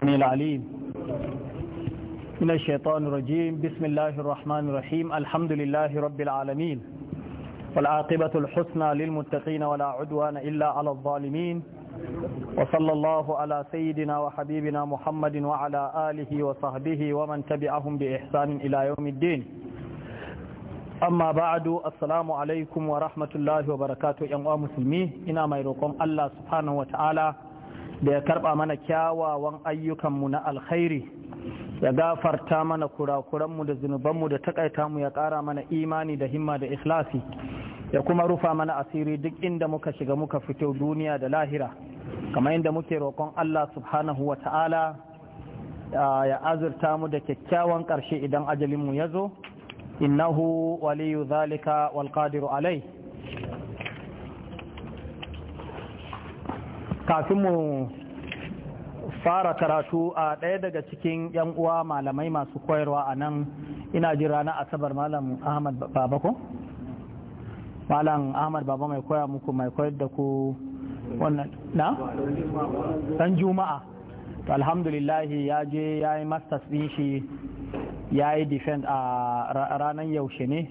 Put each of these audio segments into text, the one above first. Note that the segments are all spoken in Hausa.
السميع العليم من الشيطان الرجيم بسم الله الرحمن الرحيم الحمد لله رب العالمين والعاقبة الحسنى للمتقين ولا عدوان إلا على الظالمين وصلى الله على سيدنا وحبيبنا محمد وعلى آله وصحبه ومن تبعهم بإحسان إلى يوم الدين أما بعد السلام عليكم ورحمة الله وبركاته يا مسلمين إنا ما يرقم الله سبحانه وتعالى da ya karba mana kyawawan ayyukanmu na alkhairi ya gafarta mana kurakuranmu da zunubanmu da takaita mu ya kara mana imani da himma da ikhlasi ya kuma rufa mana asiri duk inda muka shiga muka fito duniya da lahira kamar inda muke roƙon Allah subhanahu wa ta'ala ya azurta mu da kyakkyawan ƙarshe idan ajalinmu ya zo innahu waliyu zalika wal qadiru alai kafin mu fara karatu a ɗaya daga cikin 'yan uwa malamai masu koyarwa a nan ina jin ranar asabar malam ahmad baba ko malam ahmad baba mai koya muku mai koyar da ku wannan na dan juma'a to alhamdulillah ya je ya yi masters ɗin shi ya yi defend a ranar yaushe ne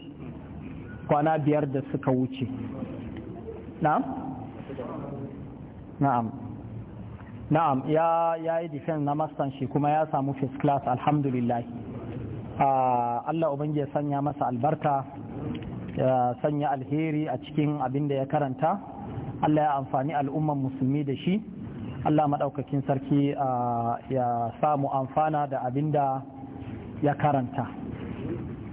kwana biyar da suka wuce na na'am na'am ya ya yi defense na mastan shi kuma ya samu first class alhamdulillah ah, Allah ubangi ya sanya masa albarka ya sanya alheri a cikin abin da ya karanta Allah ya amfani al'umman musulmi da shi Allah maɗaukakin sarki ah, ya samu amfana da abin da ya karanta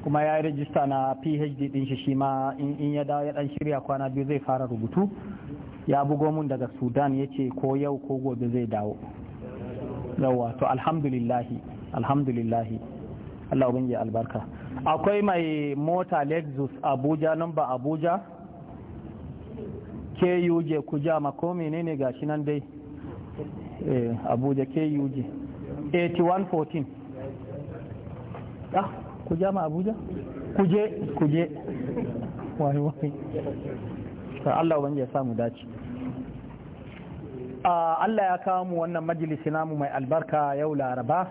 kuma ya yi rajista na phd din shi shi ma in ya dawo ya dan shirya kwana biyu zai fara rubutu ya bugo mun daga sudan ya ce ko yau ko gobe zai dawo yawa to alhamdulillahi alhamdulillahi Allah ubangi albarka akwai mai mota lexus abuja namba abuja kuje kuja mako menene gashi nan dai eh, abuja kuje 8114 ah kuja ma abuja kuje kuje wai wai sai Allah wanda ya samu dace Allah ya kawo mu wannan majalisi namu mai albarka yau laraba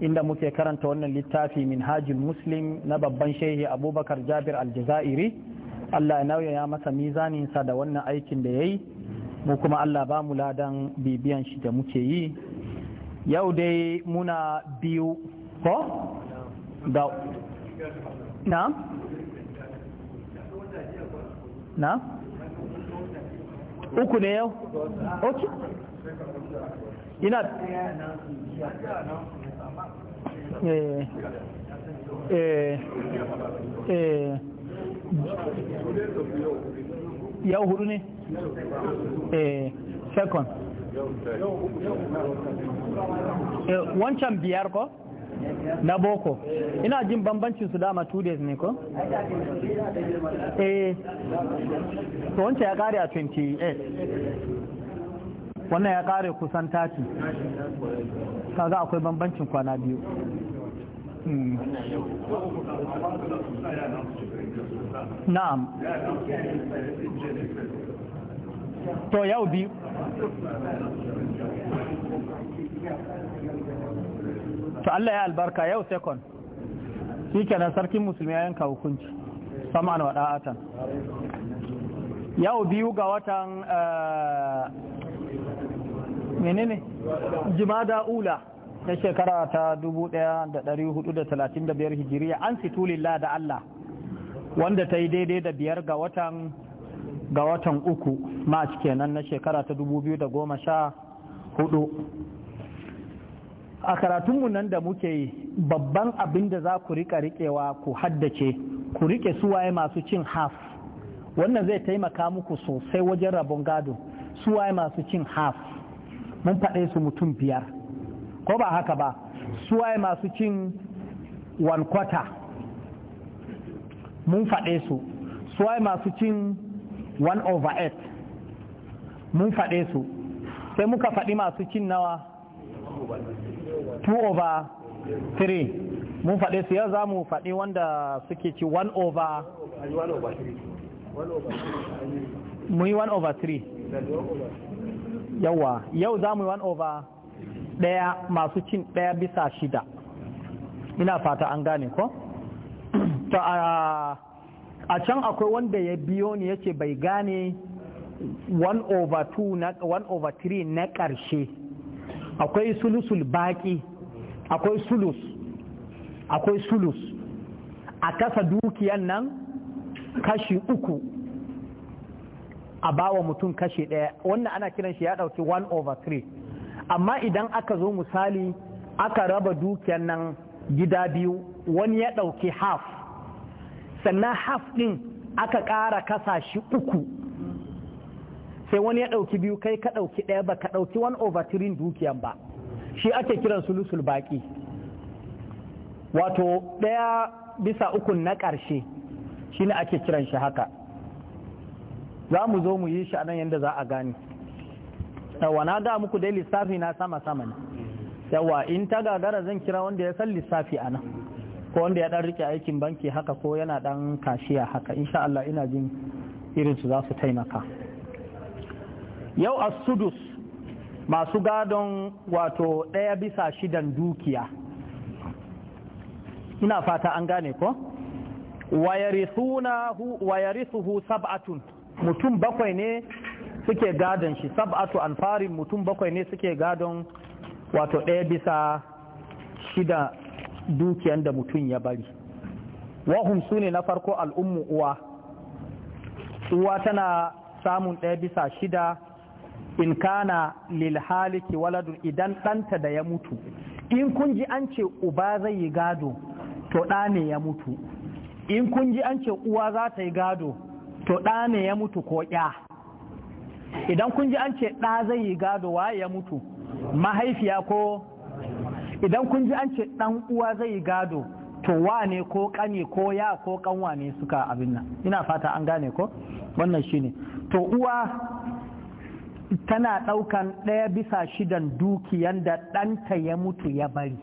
inda muke karanta wannan littafi min muslim na babban shehi abubakar jabir aljazairi Allah ya nauya ya masa mizaninsa da wannan aikin da ya yi mu kuma Allah ba mu ladan bibiyan shi da muke yi yau dai muna biyu ko? da na? na uku ne yau ok ina eh, eh, eh. yau hudu ne eh, second wancan biyar ko na boko ina jin bambancin su dama two days ne ko? eh to wancan ya kare a 28 wannan ya kare kusan 30 kaga akwai bambancin kwana biyu hmm. na'am to yau biyu to Allah ya albarka yau sekon shi kenan sarkin musulmi ya yanka hukunci na waɗa atan. yau biyu ga watan eh, menene jimada ula ta shekara ta 1435 hijiriya an situlillah da Allah wanda ta yi daidai da biyar ga watan ga watan uku march kenan na shekara ta 2014 a karatunmu nan da muke yi babban abin da za ku rika rikewa ku haddace ku rike suwaye masu cin haf wannan zai taimaka muku sosai wajen rabon gado suwaye masu cin haf mun faɗe su mutum biyar ko ba haka ba suwaye masu cin one quarter mun faɗe su suwaye masu cin one over eight mun faɗe su sai muka faɗi masu cin nawa 2 over 3 mun faɗe su yau za mu faɗi wanda suke ci 1 over 3 mu yi 1 over 3 yawa yau za mu yi 1 over ɗaya masu cin ɗaya bisa shida ina fata an gane ko? ta a can akwai wanda ya biyo ni ya ce bai gane 1 over 2 1 over 3 na ƙarshe akwai sulusul baki akwai sulus akwai sulus a kasa dukiyan nan kashi uku a bawa mutum kashi ɗaya wannan ana kiran shi ya ɗauki 1 over 3 amma idan aka zo misali aka raba dukiyan nan gida biyu wani ya ɗauki half sannan half ɗin aka ƙara kasa uku sai wani ya ɗauki biyu kai ka ɗauki ɗaya ba ka ɗauki wani over three dukiyan ba shi ake kiran sulusul baƙi wato ɗaya bisa ukun na ƙarshe shi ne ake kiran shi haka za mu zo mu yi shi a nan yadda za a gane yawa na ga muku dai lissafi na sama sama ne yawa in ta gagara zan kira wanda ya san lissafi a nan ko wanda ya ɗan rike aikin banki haka ko yana ɗan kashiya haka insha ina jin irinsu za su taimaka yau a sudus masu gadon wato ɗaya bisa shidan dukiya ina fata an gane ko wayarisuhu sab'atun mutum bakwai ne suke gadon shi sab'atu fari mutum bakwai ne suke gadon wato ɗaya bisa shida dukiyan da mutum ya bari wahum su ne na farko al'ummu uwa uwa tana samun ɗaya bisa shida in kana lil haliki waladun idan ɗanta da ya mutu in kun ji an ce uba zai yi gado to ɗa ne ya mutu in kun ji an ce uwa za ta yi gado to ɗa ne ya mutu ko ya idan kun ji an ce ɗa zai yi gado waye ya mutu mahaifiya ko idan kun ji an ce ɗan uwa zai yi gado to wane ko kane ko ya ko kanwa ne suka abin nan ina fata an gane ko wannan shine to uwa tana ɗaukan ɗaya bisa shidan dukiyan da ɗanta ya mutu ya bari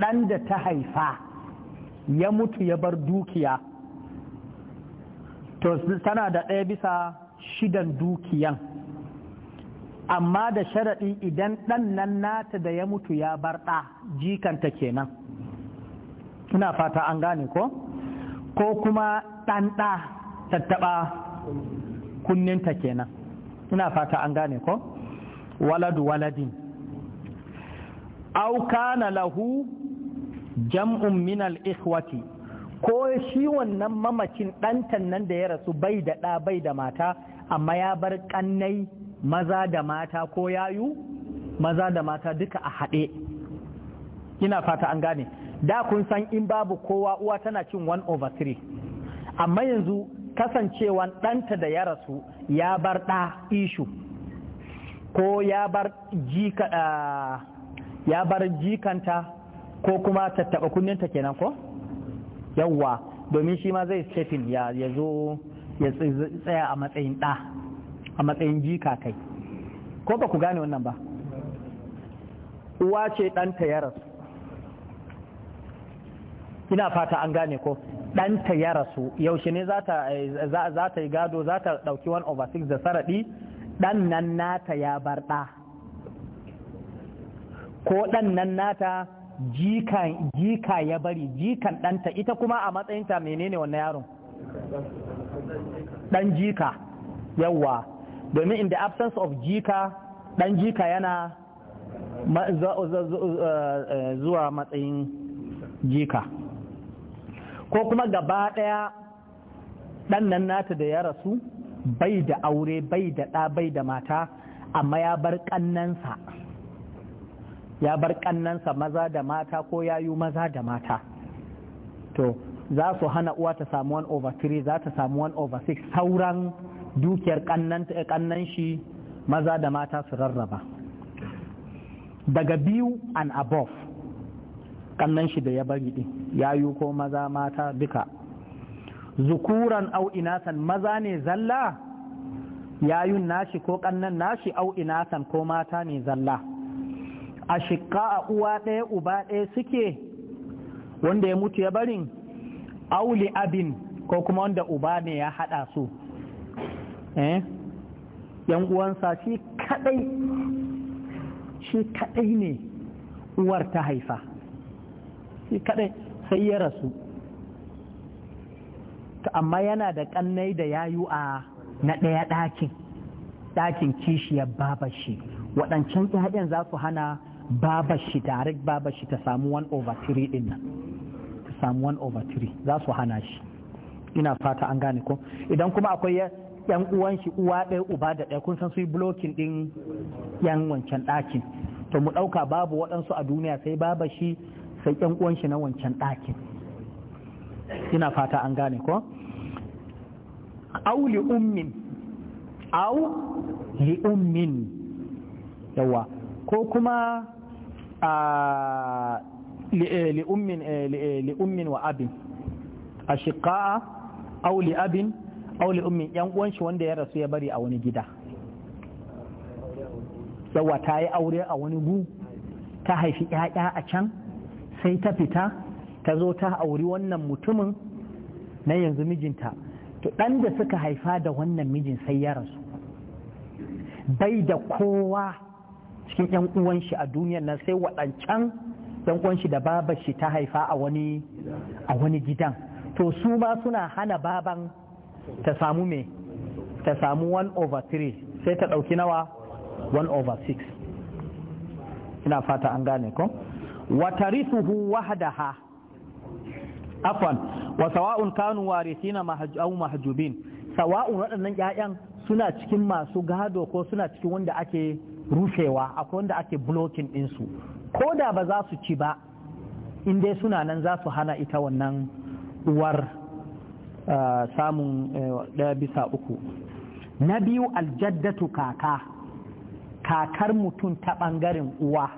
ɗan da ta haifa ya mutu ya bar dukiya to tana da ɗaya bisa shidan dukiyan amma da sharaɗi idan ɗan nan nata da ya mutu ya bar ɗa jikanta kenan ina fata an gane ko ko kuma ɗan ɗa tattaɓa kunninta kenan ina fata an gane ko waladu waladin au kana lahu jam'un min al-ikhwati ko shi wannan mamacin ɗantan nan da ya rasu bai da ɗa bai da mata amma ya bar kannai maza da mata ko yayu maza da mata duka a haɗe ina fata an gane da kun san in babu kowa uwa tana cin 1 over 3 amma yanzu kasancewan ɗanta da ya rasu ya bar ɗa ishu ko ya bar jikanta ko kuma tattaɓa kunninta kenan ko yawwa domin shi ma zai stepin ya zo ya tsaya a matsayin ɗa a matsayin jika kai ko ba ku gane wannan ba uwa ce ɗanta ya rasu ina fata an gane ko ɗanta ya rasu yaushe ne za ta yi gado za ta ɗauki wani over six da saraɗi ɗan nan nata ya bar ko ɗan nan nata jika ya bari jikan ɗanta ita kuma a matsayinta menene wannan yaron ɗan jika yawa domin in the absence of jika ɗan jika yana eh, eh, zuwa matsayin jika ko kuma gaba ɗaya ɗan nata da ya rasu bai da aure bai da ɗa bai da mata amma ya bar ƙannansa ya bar ƙannansa maza da mata ko ya yi maza da mata to za su hana uwa ta samu 1 over 3 za ta samu 1 over 6 sauran dukiyar eh, ƙannan shi maza da mata su rarraba daga biyu and above kannan shi da ya bari din yi ko maza mata duka zukuran au inasan maza ne zalla ya yayun nashi ko kannan nashi au inasan ko mata ne zalla a shiƙa a uwa ɗaya uba ɗaya suke wanda ya mutu ya bari auli abin ko kuma wanda uba ne ya haɗa su eh yan uwansa shi kaɗai shi kaɗai ne uwar ta haifa shi kadai sai ya rasu to amma yana da kannai da yayu a na ɗaya ɗakin ɗakin kishiyar babashi waɗancan ƴaƴan za su hana babashi direct babashi ta samu 1 over 3 ɗin ta samu 1 over 3 za su hana shi ina fata an gane ko idan kuma akwai yan uwan shi uwa ɗaya uba da ɗaya kun san su yi blokin ɗin yan wancan ɗakin to mu ɗauka babu waɗansu a duniya sai babashi shi sai ƴan uwan shi na wancan ɗakin ina fata an gane ko Auli ummin au li ummin yawa ko kuma a li eh, ummin eh, eh, li ummin wa abin a shiƙa'a auli abin auli ummin ƴan uwan shi wanda ya rasu ya bari a wani gida yawa ta yi aure a wani gu ta haifi ƴaƴa a can sai ta fita ta zo ta auri wannan mutumin na yanzu mijinta to ɗan da suka haifa da wannan mijin sai ya rasu bai da kowa cikin yan uwan shi a duniyar nan sai waɗancan yan uwan shi da babar shi ta haifa a wani gidan to su ma suna hana baban ta samu me ta samu 1 over 3 sai ta ɗauki nawa 1 over 6 ina fata an gane ko? وترثه وحدها عفوا وسواء wa وارثين او محجوبين سواء mahjubin sawa'un waɗannan ƴaƴan suna cikin masu gado ko suna cikin wanda ake rufewa akwai wanda ake blocking ɗinsu ko da ba za su ci ba in dai suna nan za su hana ita wannan uwar eh, samun eh, ɗaya bisa uku na biyu aljaddatu kaka kakar mutum ta ɓangaren uwa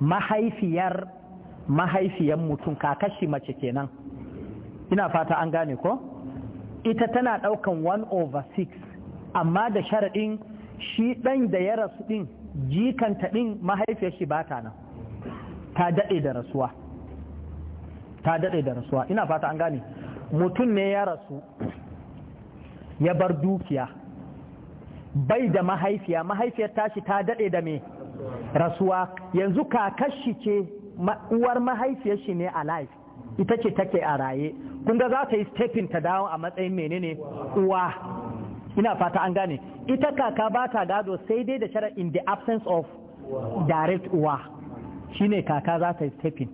mahaifiyar mahaifiyar mutum kakashi mace kenan ina fata an gane ko ita tana daukan 1 over 6 amma da sharadin shi ɗan da ya rasu ɗin jikanta ɗin mahaifiyar shi ba ta nan ta daɗe da rasuwa ta daɗe da rasuwa ina fata an gane mutum ne ya rasu ya bar dukiya bai da mahaifiya mahaifiyar tashi ta daɗe da me rasuwa yanzu kakashi ce uwar mahaifiyar shi ne life ita ce take a raye kun ga za ta yi stepping ta dawo a matsayin menene uwa ina fata an gane ita kaka ba ta gado sai dai da shara in the absence of direct uwa shine kaka za ta yi stepping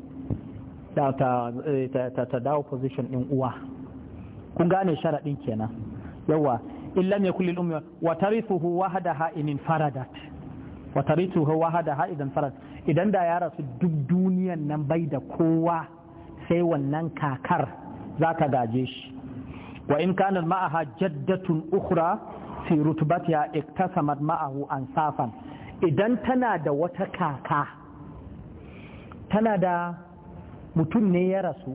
eh, ta, ta, dawo position din uwa kun gane sharaɗin kenan yawa illam yakul kullum ummi wa tarifuhu wahadaha in faradat wa tarituhu hada ha'idan faras idan da ya rasu duk duniyan nan bai da kowa sai wannan kakar za ta gaje shi wa in kana ma'aha jaddatun ukhra fi rutbatiha iktasamat ma'ahu ansafan idan tana da wata kaka tana da mutum ne ya rasu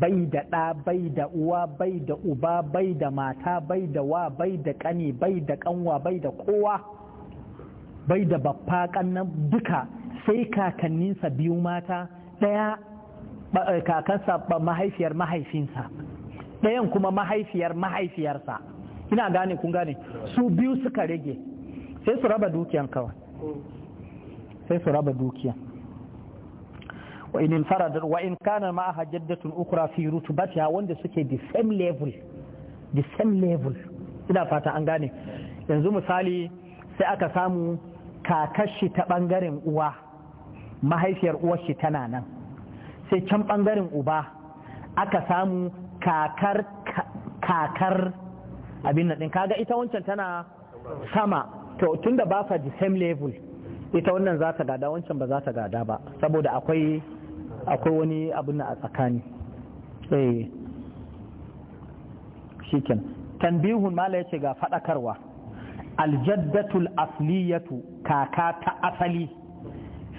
bai da ɗa bai da uwa bai da uba bai da mata bai da wa bai da ƙani bai da ƙanwa bai da kowa bai da bappa kannan duka sai kakanninsa biyu mata ɗaya eh, kakansa mahaifiyar mahaifinsa ɗayan kuma mahaifiyar mahaifiyarsa ina gane kun gane su biyu suka rage sai su raba dukiyan kawai sai su raba dukiyan wa in infarada wa in kana ma'aha jaddatun ukra fi rutubatiha wanda suke the same level the same level ina fata an gane yanzu misali sai aka samu Kakar shi ta ɓangaren uwa mahaifiyar shi tana nan sai can ɓangaren uba aka samu kakar kakar abin nan kaga ita wancan tana sama to tunda ba sa the same level ita wannan za ta gada wancan ba za ta gada ba saboda akwai akwai wani abin a tsakani eh shikenan tanbihun mala yace ga fadakarwa aljaddatul asliyatu kaka ta asali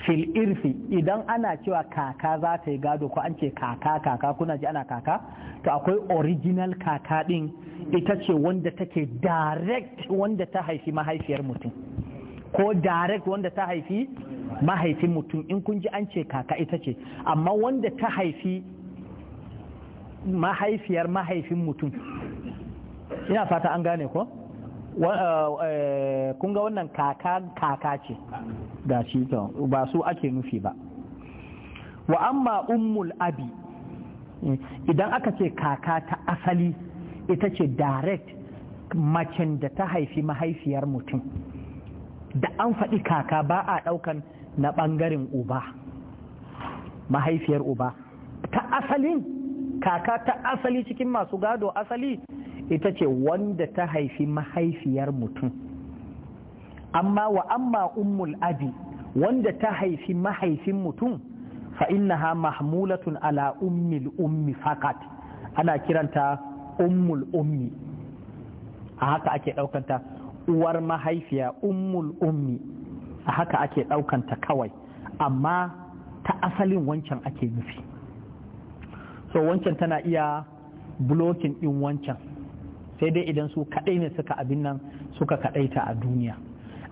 fil irfi idan ana cewa kaka za ta yi gado ko an ce kaka kaka kuna ji ana kaka to akwai original kaka din ita ce wanda take direct wanda ta haifi mahaifiyar mutum ko direct wanda ta haifi mahaifin mutum in kun ji an ce kaka ita ce amma wanda ta haifi mahaifiyar mahaifin mutum ina fata an gane ko? Eh, eh, kun ga wannan kaka kaka ce Ga shi ba su ake nufi ba wa amma ummul abi eh, idan aka ce kaka ta asali ita ce direct macen da ta haifi mahaifiyar mutum da an faɗi kaka ba a ɗaukan na ɓangaren uba mahaifiyar uba ta asalin kaka ta asali cikin masu gado asali ita ce wanda ta haifi mahaifiyar mutum amma wa amma ummul abi wanda ta haifi mahaifin mutum fa innaha mahmulatun ala ummil ummi fakat ana kiranta ummul ummi a haka ake ɗaukanta uwar mahaifiya ummul ummi a haka ake ɗaukanta kawai amma ta asalin wancan ake nufi so wancan tana iya blocking ɗin wancan sai dai idan su kaɗai ne suka abin nan suka kaɗaita a duniya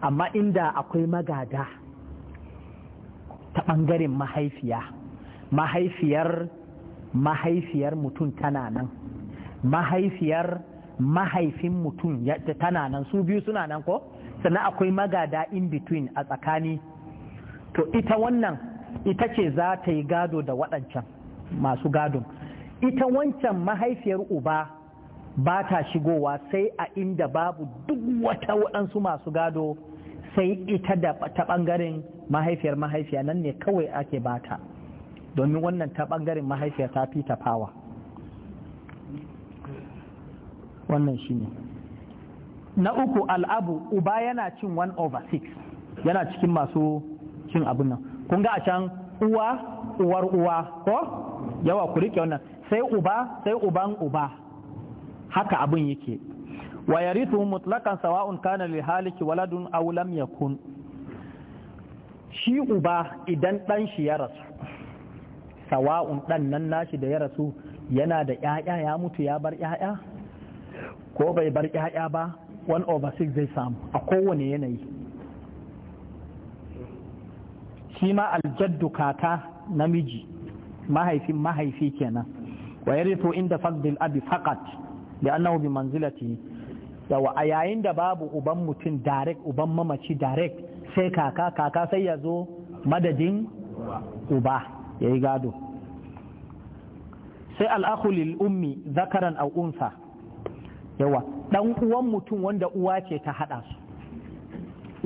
amma inda akwai magada ta ɓangaren mahaifiya mahaifiyar mahaifiyar mutum tana nan mahaifiyar mahaifin mutum tana nan su biyu suna nan ko sannan akwai magada in between a tsakani to ita wannan ita ce za ta yi gado da waɗancan masu gado, ita wancan mahaifiyar uba ba ta shigowa sai a inda babu duk wata waɗansu masu gado sai ita da ta ɓangaren mahaifiyar mahaifiya nan ne kawai ake bata domin wannan ta ɓangaren mahaifiya ta fi ta fawa wannan shi ne na uku al'abu uba yana cin 1 over 6 yana cikin masu cin abin nan kun ga a can uwa uwar uwa ko yawa ku riƙe wannan sai uba sai uban uba haka abin yake wa yarithu mutlaqan sawa'un kana li haliki waladun aw lam yakun shi uba idan dan shi ya rasu sawa'un dan nan nashi da ya rasu yana da ‘ya'ya ya mutu ya bar ‘ya'ya ko bai bar ‘ya'ya ba one over six zai samu a kowane yanayi shi ma aljaddu kaka namiji mahaifin mahaifi kenan wa yarithu inda fadil abi faqat da annahu bi manzilati yawa a yayin da babu uban mutum direct uban mamaci direct sai kaka kaka sai ya zo madadin uba ya yi gado sai al'akhu ummi zakaran aw unsa yawa dan uwan mutum wanda uwa ce ta hada su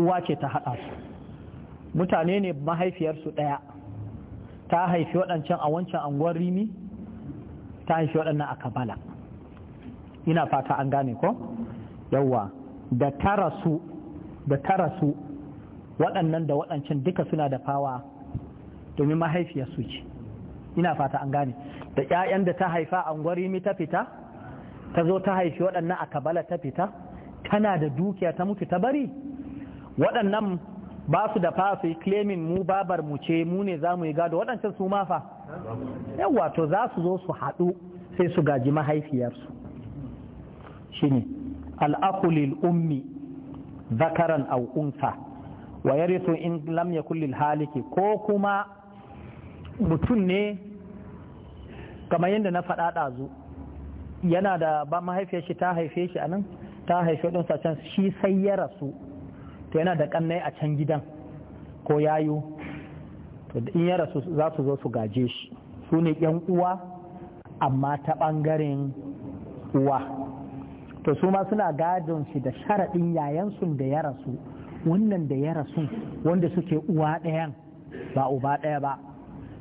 uwa ce ta hada su mutane ne mahaifiyarsu daya ta haifi waɗancan a wancan anguwar rimi ta haifi waɗannan a kabala ina fata an gane ko yawa da tara su da tara su waɗannan da waɗancan duka suna da fawa domin mahaifiyar su ce ina fata an gane da ƴaƴan da ta haifa an mi ta fita ta zo ta haifi waɗannan a kabala ta fita tana da dukiya ta mutu ta bari waɗannan ba su da fa su yi claiming mu babar mu ce mu ne za mu yi gado waɗancan su ma fa to za su zo su haɗu sai su gaji mahaifiyarsu shine al'akulil ummi zakaran aw unsa wa in lam yakul haliki ko kuma mutum ne kamar yadda na faɗa ɗazu yana da ba mahaifiyar shi ta haife shi a nan ta haife ɗinsa can shi sai ya rasu to yana da ƙannai a can gidan ko yayu to in ya rasu za su zo su gaje shi su ne ‘yan uwa amma ta ɓangaren uwa to su ma suna gadon shi da sharaɗin yayansu da ya rasu wannan da ya rasu wanda suke uwa ɗayan ba uba ɗaya ba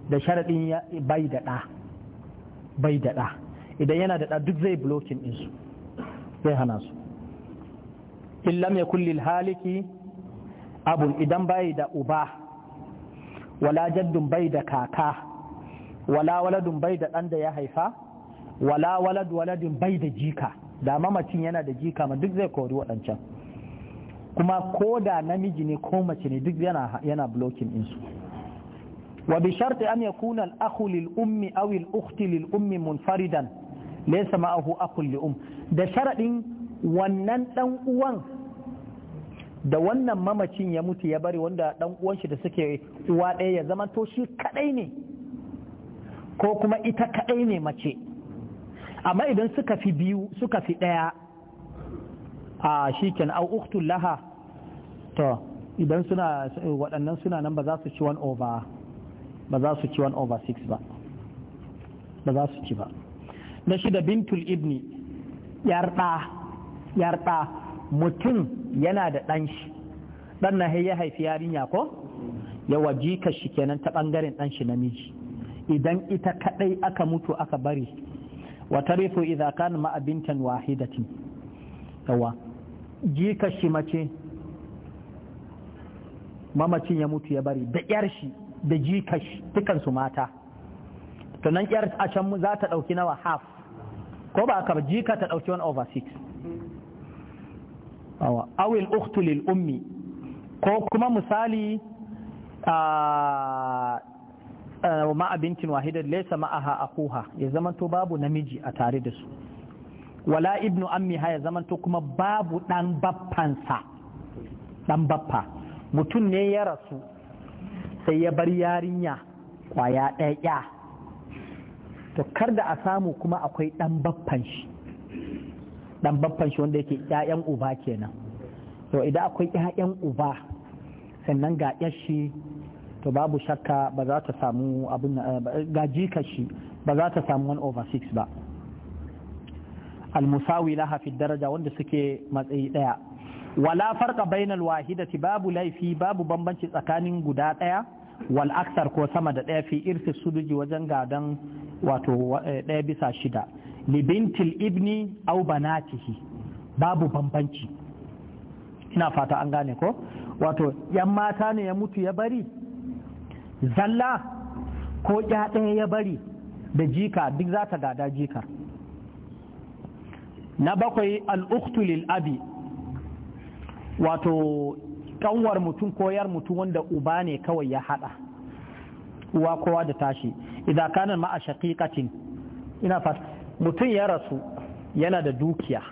da sharaɗin bai da ɗa bai da ɗa idan yana da ɗa duk zai blocking ɗinsu zai hana su in lam kulli haliki abun idan bai da uba wala jaddun bai da kaka wala waladun bai da ɗan da ya haifa wala walad waladin bai da jika da mamacin yana da jika ma duk zai kori waɗancan kuma ko da namiji ne ko mace ne duk yana yana blocking insu wa bi sharti an yakuna al akhu lil ummi aw al ukhti lil ummi munfaridan laysa ma'ahu akhun li um da sharadin wannan dan uwan da wannan mamacin ya mutu ya bari wanda dan uwan shi da suke uwa ɗaya ya zama to shi kadai ne ko kuma ita kadai ne mace amma idan suka fi biyu suka fi ɗaya a shiken au uktun laha to idan suna waɗannan suna nan ba za su ci 1 over ba za su ci 1 over 6 ba ba za su ci ba na shida bintul ibni yarda mutum yana da ɗan shi ɗan na ya haifi yarinya ko waji ka shi kenan ta ɓangaren ɗan shi namiji idan ita kaɗai aka mutu aka bari wa tarifu idza kana ma bintan wahidatin yawa jika shi mace mamacin ya mutu ya bari da yar shi da jika shi dukan su mata to nan yar a can mu za ta dauki nawa half ko ba aka jika ta dauki 1 over 6 awa awil ukhtu lil ummi ko kuma misali ah, ma'a bintin wahidar laisa ma'aha akuha ya zamanto babu namiji a tare da su wala ibnu ammiha ya zamanto kuma babu dan baffansa dan baffa mutum ne ya rasu sai ya bar yarinya kwaya ɗaya to kar da a samu kuma akwai dan baffan shi dan baffan shi wanda yake ƴaƴan uba kenan to idan akwai ƴaƴan uba sannan ga ƴar shi to babu shakka ba za ta samu abin eh, eh, gaji kashi ba za ta samu 1 over 6 ba almusawi laha daraja wanda suke matsayi daya wala farka bainal wahidati babu laifi babu bambanci tsakanin guda daya wal aksar ko sama da daya fi irsi suduji wajen gadan wato daya eh, bisa shida libintil ibni au banatihi babu bambanci ina fata an gane ko wato yan mata ne ya mutu ya bari zalla ko ya ɗaya ya bari da jika duk za ta gada jika na bakwai al'uktu lil'abi, abi wato ƙanwar mutum koyar mutum wanda uba ne kawai ya haɗa uwa kowa da tashi idan kanan a shaƙiƙacin ina fata mutum ya rasu yana da dukiya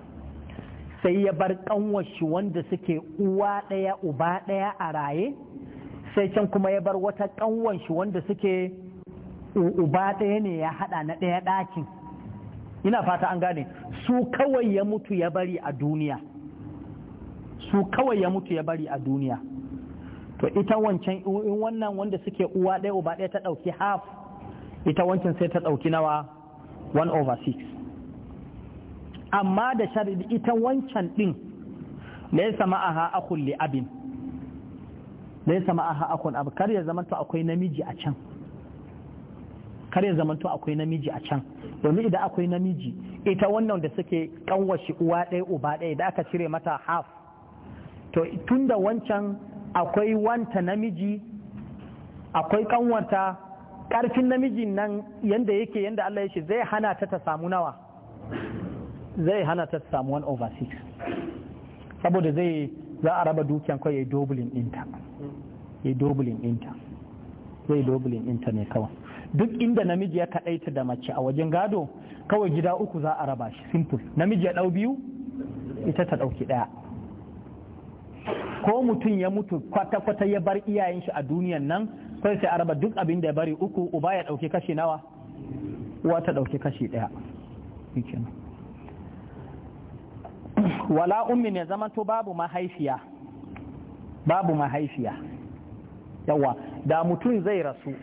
sai ya bar ƙanwar shi wanda suke uwa ɗaya uba ɗaya a raye sai can kuma ya bar wata ƙanwan shi wanda suke uba ɗaya ne ya haɗa na ɗaya ɗakin ina fata an gane su kawai ya mutu ya bari a duniya su kawai ya mutu ya bari a duniya to ita wancan in wannan wanda suke uwa ɗaya uba ɗaya ta ɗauki half ita wancan sai ta ɗauki nawa 1 over 6 amma da sharidi, ita wancan ɗin ne ya sama a ha akun abin laisa ma'aha akun abu kar ya zamanto akwai namiji a can kar ya zamanto akwai namiji a can domin idan akwai namiji ita wannan da suke kanwashi uwa ɗaya uba ɗaya da aka cire mata half to tunda wancan akwai wanta namiji akwai ƙanwata ƙarfin namijin nan yanda yake yanda Allah ya ce zai hana ta ta samu nawa zai hana ta ta samu 1 over 6 saboda zai za a raba dukiyan kawai ya yi dobulin ɗinta ya yi dobulin ɗinta zai yi dobulin ɗinta ne kawai duk inda namiji ya kaɗaita da mace a wajen gado kawai gida uku za a raba shi simple namiji ya ɗau biyu ita ta ɗauki ɗaya ko mutum ya mutu kwata-kwata ya bar iyayen shi a duniyan nan sai sai a raba duk abin da ya bari uku uba ya ɗauki kashi nawa uwa ta ɗauki kashi ɗaya wala ummin ya to babu mahaifiya babu mahaifiya yawa da mutum zai rasu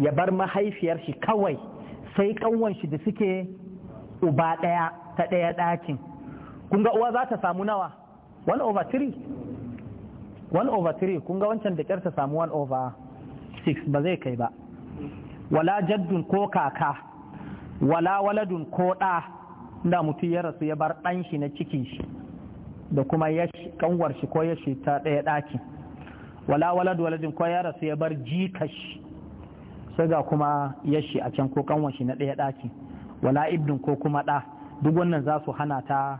ya bar mahaifiyar shi kawai sai kanwan shi da suke uba daya ta daya dakin kunga uwa za ta samu nawa 1 over 3 1 over 3 kunga wancan da ta samu 1 over 6 ba zai kai ba wala jaddun ko kaka wala waladun ko da da mutum ya rasu ya bar ɗan shi na cikin shi da kuma ya kanwar shi ko ya shi ta ɗaya ɗaki wala wala waladin ko ya rasu ya bar jika shi sai ga kuma ya shi a can ko kanwar shi na ɗaya ɗaki wala ibdin ko kuma ɗa duk wannan za su hana ta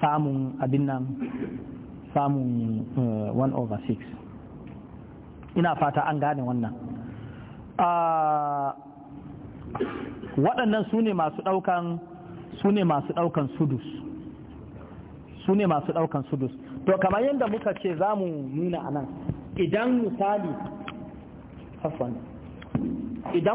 samun abin nan samun 1 eh, over 6 ina fata an gane wannan ah, waɗannan su ne masu ɗaukan su ne masu ɗaukan sudus su ne masu ɗaukan sudus to kamar yadda muka ce za mu nuna anan, idan misali